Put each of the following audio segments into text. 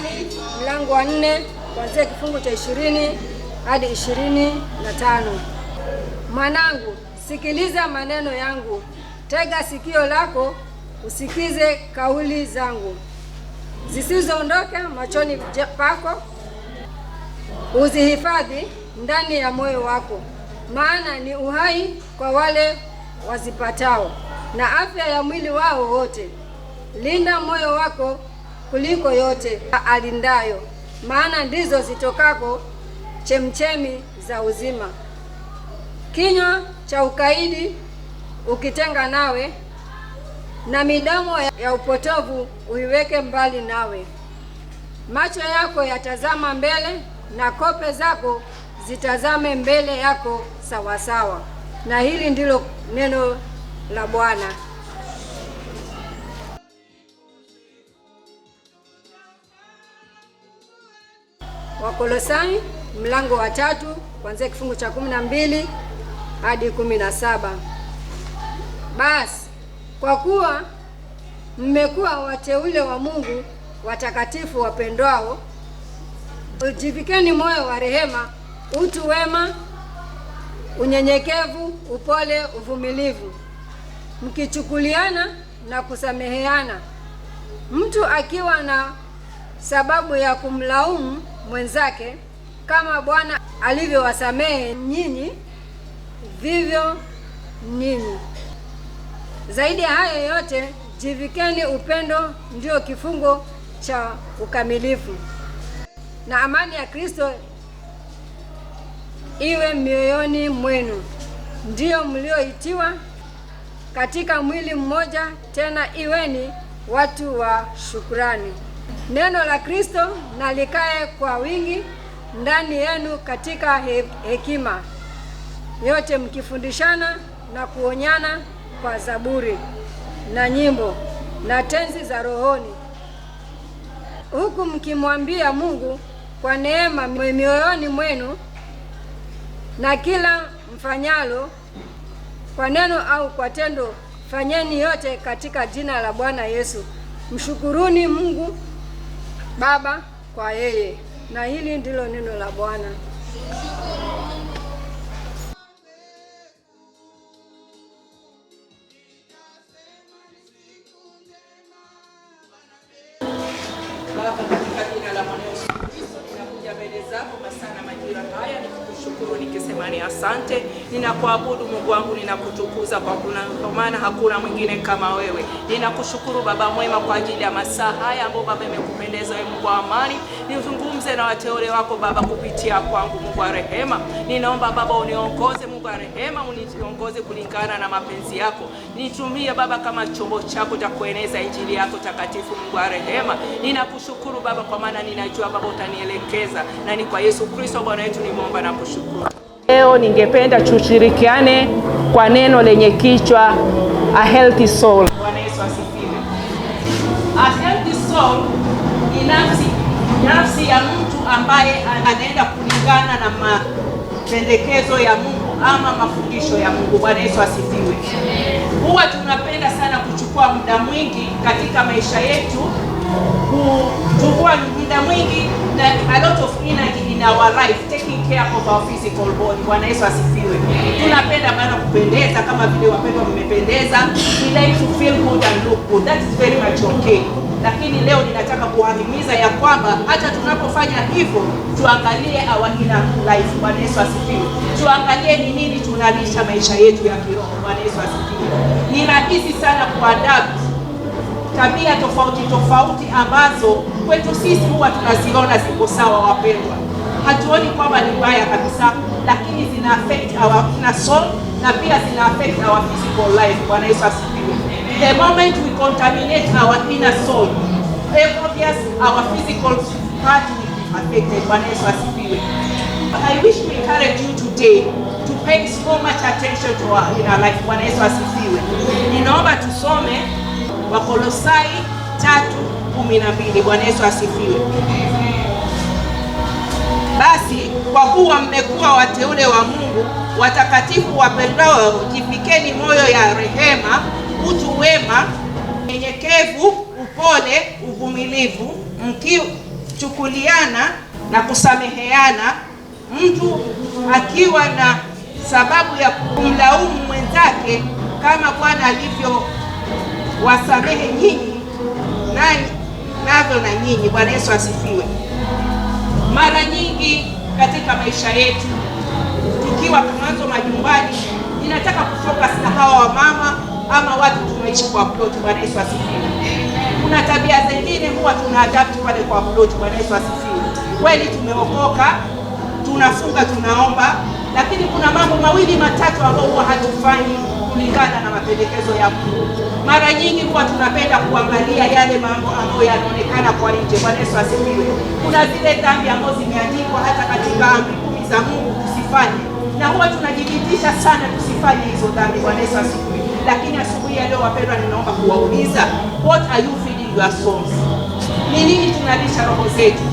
Mithali mlango wa nne kuanzia kifungu cha ishirini hadi ishirini na tano. Mwanangu, sikiliza maneno yangu, tega sikio lako usikize kauli zangu, zisizoondoka machoni pako, uzihifadhi ndani ya moyo wako, maana ni uhai kwa wale wazipatao na afya ya mwili wao wote. Linda moyo wako kuliko yote alindayo, maana ndizo zitokako chemchemi za uzima. Kinywa cha ukaidi ukitenga nawe, na midomo ya upotovu uiweke mbali nawe. Macho yako yatazama mbele, na kope zako zitazame mbele yako sawasawa. Na hili ndilo neno la Bwana. Wakolosai mlango wa tatu kuanzia kifungu cha kumi na mbili hadi kumi na saba. Basi kwa kuwa mmekuwa wateule wa Mungu watakatifu wapendwao, ujivikeni moyo wa rehema, utu wema, unyenyekevu, upole, uvumilivu, mkichukuliana na kusameheana, mtu akiwa na sababu ya kumlaumu mwenzake, kama Bwana alivyowasamehe nyinyi, vivyo ninyi. Zaidi ya hayo yote, jivikeni upendo, ndio kifungo cha ukamilifu, na amani ya Kristo iwe mioyoni mwenu, ndiyo mlioitiwa katika mwili mmoja, tena iweni watu wa shukrani neno la Kristo na likae kwa wingi ndani yenu katika he hekima yote, mkifundishana na kuonyana kwa zaburi na nyimbo na tenzi za rohoni, huku mkimwambia Mungu kwa neema mioyoni mwenu, na kila mfanyalo kwa neno au kwa tendo, fanyeni yote katika jina la Bwana Yesu, mshukuruni Mungu Baba kwa yeye, na hili ndilo neno la Bwana. Baba imani. Asante, ninakuabudu Mungu wangu, ninakutukuza kwa maana hakuna mwingine kama wewe. Ninakushukuru Baba mwema kwa ajili ya masaa haya ambayo Baba imekupendeza wewe, Mungu wa amani. Nizungumze na wateule wako Baba kupitia kwangu, Mungu wa rehema. Ninaomba Baba uniongoze, Mungu wa rehema, uniongoze kulingana na mapenzi yako. Nitumie Baba kama chombo chako cha kueneza injili yako takatifu, Mungu wa rehema. Ninakushukuru Baba kwa maana ninajua Baba utanielekeza, na ni kwa Yesu Kristo Bwana wetu nimeomba na kushukuru. Leo ningependa tushirikiane kwa neno lenye kichwa a healthy soul. Bwana Yesu asifiwe. A healthy soul ni nafsi, nafsi ya mtu ambaye anaenda kulingana na mapendekezo ya Mungu ama mafundisho ya Mungu. Bwana Yesu asifiwe. Huwa tunapenda sana kuchukua muda mwingi katika maisha yetu kuchukua muda mwingi na a lot of energy in our life taking care of our physical body. Bwana Yesu asifiwe. Tunapenda maana kupendeza kama vile wapendwa mmependeza. We like to feel good and look good. That is very much okay. Lakini leo ninataka kuwahimiza ya kwamba hata tunapofanya hivyo tuangalie our inner life. Bwana Yesu asifiwe. Tuangalie ni nini tunalisha maisha yetu ya kiroho. Bwana Yesu asifiwe. Ni rahisi sana kuadapt tabia tofauti tofauti ambazo kwetu sisi huwa tunaziona ziko sawa, wapendwa, hatuoni kwamba ni mbaya kabisa, lakini zina affect our inner soul na pia zina affect our physical life. Bwana Yesu asifiwe. The moment we contaminate our inner soul, obvious our physical part will be affected. Bwana Yesu asifiwe. I wish to encourage you today to pay so much attention to our inner life. Bwana Yesu asifiwe. Ninaomba tusome Wakolosai 3:12. Bwana Yesu asifiwe. Basi kwa kuwa mmekuwa wateule wa Mungu watakatifu wapendao, jipikeni moyo ya rehema, utu wema, nyenyekevu, upole, uvumilivu, mkichukuliana na kusameheana, mtu akiwa na sababu ya kumlaumu mwenzake, kama Bwana alivyo wasamehe nyinyi navyo na nyinyi. Bwana Yesu asifiwe. Mara nyingi katika maisha yetu tukiwa tunazo majumbani, ninataka kutoka na hawa wamama ama watu tunaishi kwa ploti. Bwana Yesu asifiwe. Kuna tabia zingine huwa tunaadapt pale kwa ploti. Bwana Yesu asifiwe. Kweli tumeokoka, tunafunga, tunaomba, lakini kuna mambo mawili matatu ambayo huwa hatufanyi mapendekezo ya mkuu. Mara nyingi huwa tunapenda kuangalia yale mambo ambayo yanaonekana kwa nje. Bwana Yesu asifiwe. Kuna zile dhambi ambazo zimeandikwa hata katika amri kumi za Mungu tusifanye, na huwa tunajibitisha sana tusifanye hizo dhambi. Bwana Yesu asifiwe. Lakini asubuhi ya leo, wapendwa, ninaomba kuwauliza, what are you feeding your souls? Ni nini tunalisha roho zetu?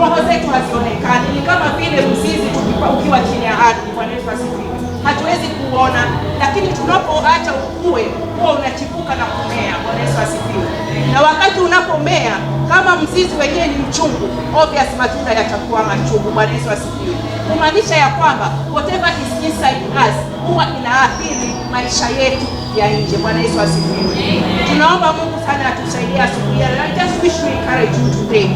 Roho zetu hazionekani, ni kama vile mzizi ukiwa chini ya ardhi. Bwana Yesu asifiwe. Hatuwezi kuona lakini tunapoacha ukue huwa unachipuka na kumea. Bwana Yesu asifiwe. Na wakati unapomea kama mzizi wenyewe ni mchungu, obvious matunda yatakuwa machungu. Bwana Yesu asifiwe, kumaanisha ya kwamba whatever is inside us huwa inaathiri maisha yetu ya nje. Bwana Yesu asifiwe. Tunaomba Mungu sana atusaidie asubuhi I just wish we encourage you today.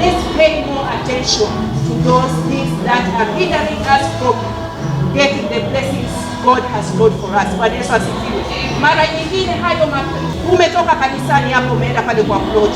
Let's pay more attention to those things that are hindering us from getting the blessings God has called for us. Bwana Yesu asifiwe. Mara nyingine hayo umetoka kanisani hapo umeenda pale kwa plot.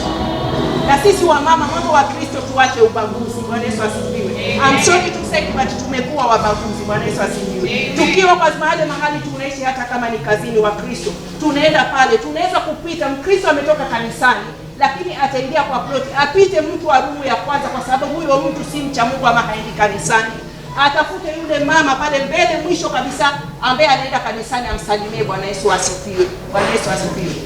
Na sisi wamama, mambo wa Kristo tuache ubaguzi. Bwana Yesu asifiwe. I'm sorry to say but tumekuwa wabaguzi. Bwana Yesu asifiwe. Tukiwa kwa mahali mahali tunaishi, hata kama ni kazini, wa Kristo tunaenda pale, tunaweza kupita. Mkristo ametoka kanisani lakini ataingia kwa plot, apite mtu wa rumu ya kwanza, kwa sababu huyo mtu si mcha Mungu ama haendi kanisani atafute yule mama pale mbele mwisho kabisa ambaye anaenda kanisani, amsalimie. Bwana Yesu asifiwe! Bwana Yesu asifiwe!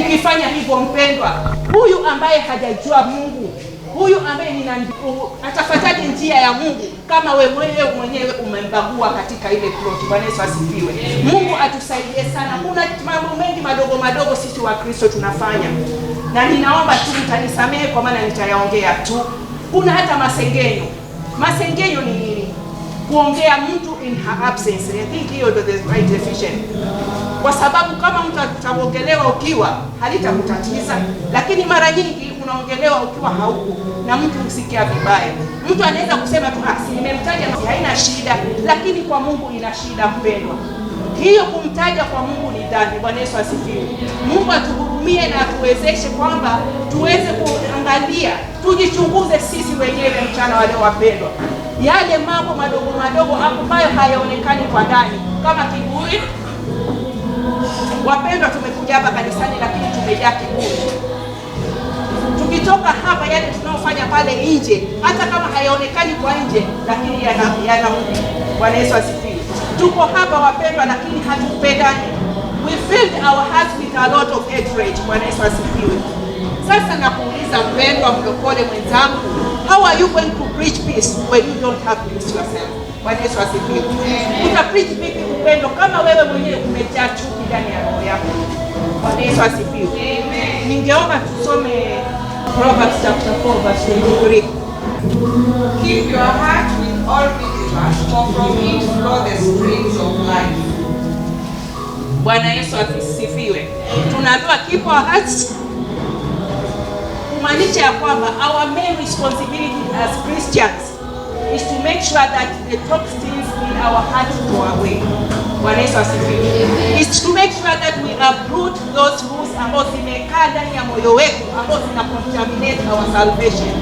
Ukifanya hivyo, mpendwa, huyu ambaye hajajua Mungu, huyu ambaye nina atafuataje njia ya Mungu kama we mwenyewe mwenyewe umembagua katika ile plot? Bwana Yesu asifiwe! Mungu atusaidie sana. Kuna mambo mengi madogo madogo sisi wa Kristo tunafanya, na ninaomba tu mtanisamehe kwa maana nitayaongea tu. Kuna hata masengenyo. Masengenyo ni nini? kuongea mtu in her absence. I think hiyo ndio the right decision, kwa sababu kama mtu atakuongelewa ukiwa halitakutatiza, lakini mara nyingi unaongelewa ukiwa hauko na mtu usikia vibaya. Mtu anaweza kusema tu hasi, ah, nimemtaja haina shida, lakini kwa Mungu ina shida, mpendwa. Hiyo kumtaja kwa Mungu ni dhambi. Bwana Yesu asifiwe. Mungu atuhurumie na atuwezeshe kwamba tuweze kuangalia, tujichunguze sisi wenyewe mchana wale wapendwa yale mambo madogo madogo ambayo hayaonekani kwa ndani kama kiburi. Wapendwa, tumekuja hapa kanisani lakini tumejaa kiburi. Tukitoka hapa, yale tunaofanya pale nje, hata kama hayaonekani kwa nje, lakini yana Bwana Yesu asifiwe. Tuko hapa wapendwa, lakini hatupendani. We filled our hearts with a lot of hatred. Bwana Yesu asifiwe. Sasa nakuuliza mpendwa, mlokole mwenzangu How are you going to preach peace when you don't have peace yourself? Bwana Yesu asifiwe. Uta preach vipi upendo kama wewe mwenyewe umejaa chuki ndani ya roho yako? Bwana Yesu asifiwe. Ningeomba tusome Proverbs chapter 4 verse 23. Keep your heart with all diligence, for from it flow the streams of life. Bwana Yesu asifiwe. Tunaambiwa keep our hearts kumaanisha ya kwamba our main responsibility as Christians is to make sure that the toxins in our hearts go away. Bwana Yesu asifiwe. Is to make sure that we uproot those roots ambao zimekaa ndani ya moyo wetu ambao zina contaminate our salvation.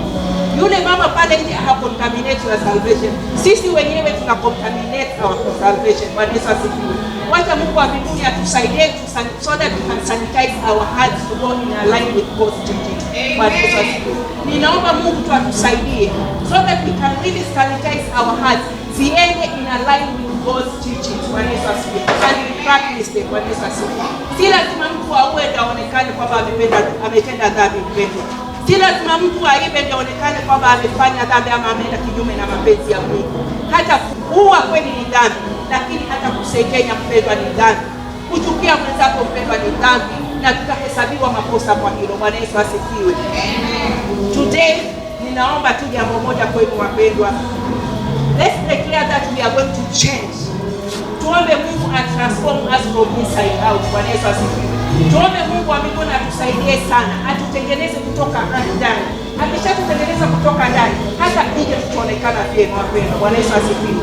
Yule mama pale nje ana contaminate your salvation. Sisi wenyewe tuna contaminate our salvation. Bwana Yesu asifiwe. Wacha Mungu wa mbinguni atusaidie so that we can sanitize our hearts to go in line with God's teaching. Ninaomba Mungu tuatusaidie so that we can really sanitize our hearts ziende in align with God's teaching. Bwana Yesu asifiwe. And we practice them. Bwana Yesu asifiwe. Si lazima mtu awe ndio aonekane kwamba ametenda dhambi mpendwa. Si lazima mtu aibe ndio aonekane kwamba amefanya dhambi ama ameenda kinyume na mapenzi ya Mungu. Hata kuua kweli ni dhambi, lakini hata kusekenya mpendwa ni dhambi. Kuchukia mwenzako mpendwa ni dhambi na tutahesabiwa makosa kwa hilo. Bwana Yesu asifiwe. Today ninaomba tu jambo moja kwenu wapendwa, let's declare that we are going to change. Tuombe Mungu a transform us from inside out. Bwana Yesu asifiwe. Tuombe Mungu wa mbinguni atusaidie sana, atutengeneze kutoka ndani. Akishatutengeneza kutoka ndani, hata nje tutaonekana vyema. Wapendwa, Bwana Yesu asifiwe.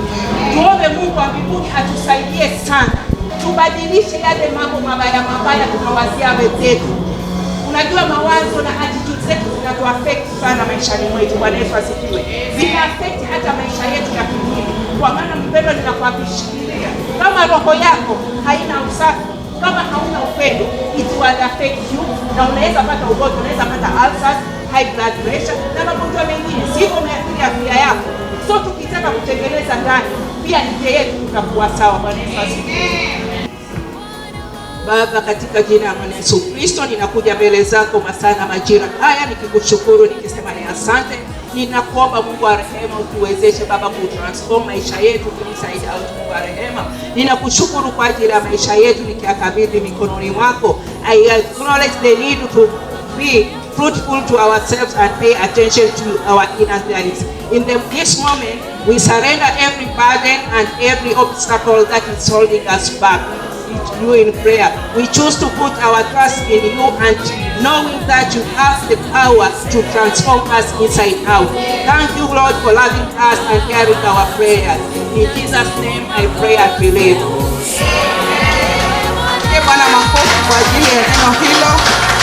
Tuombe Mungu wa mbinguni atusaidie sana tubadilishe yale mambo mabaya mabaya tunawazia wenzetu. Unajua, mawazo na attitude zetu zinatuaffect sana maishani mwetu. Bwana Yesu asifiwe. Zina affect hata maisha yetu ya kimwili, kwa maana mpendo, ninakuapishikilia kama roho yako haina usafi kama hauna upendo it will affect you, na unaweza pata ugonjwa, unaweza pata ulcers, high blood pressure na magonjwa mengine, sio Umeathiri afya yako. So tukitaka kutengeneza ndani, pia nje yetu tutakuwa sawa. Bwana Yesu asifiwe. Baba, katika jina la Bwana Yesu Kristo, ninakuja mbele zako masana majira haya nikikushukuru, nikisema ni asante. Ninakuomba Mungu wa rehema utuwezeshe Baba kutransform maisha yetu, kumsaidia Mungu wa rehema. Ninakushukuru kwa ajili ya maisha yetu, nikiakabidhi mikononi mwako. I acknowledge the need to be fruitful to ourselves and pay attention to our inner lives. In the, this moment, we surrender every burden and every obstacle that is holding us back you in prayer. We choose to put our trust in you and knowing that you have the power to transform us inside out. Thank you, Lord, for loving us and hearing our prayers. In Jesus' name I pray and believe. Bwana makofi kwa ajili ya neno hilo.